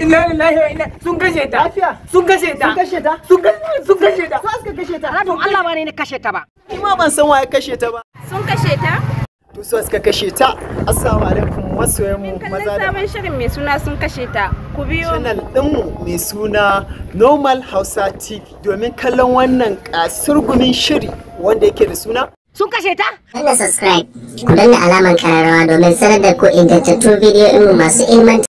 inna lillahi wa inna sun kashe ta lafiya sun kashe ta sun kashe ta sun kashe sun kashe ta sun aska kashe ta to Allah ba ne ne kashe ta ba ni ma ban san waye kashe ta ba sun kashe ta to su aska kashe ta assalamu alaikum masoyan mu maza da sabon shirin mai suna sun kashe ta ku biyo channel dinmu mai suna normal hausa tv domin kallon wannan kasurgumin shiri wanda yake da suna sun kashe ta? Kalla subscribe, ku danna alamar kararrawa domin sanar da ku ingantattun bidiyo masu ilmanta.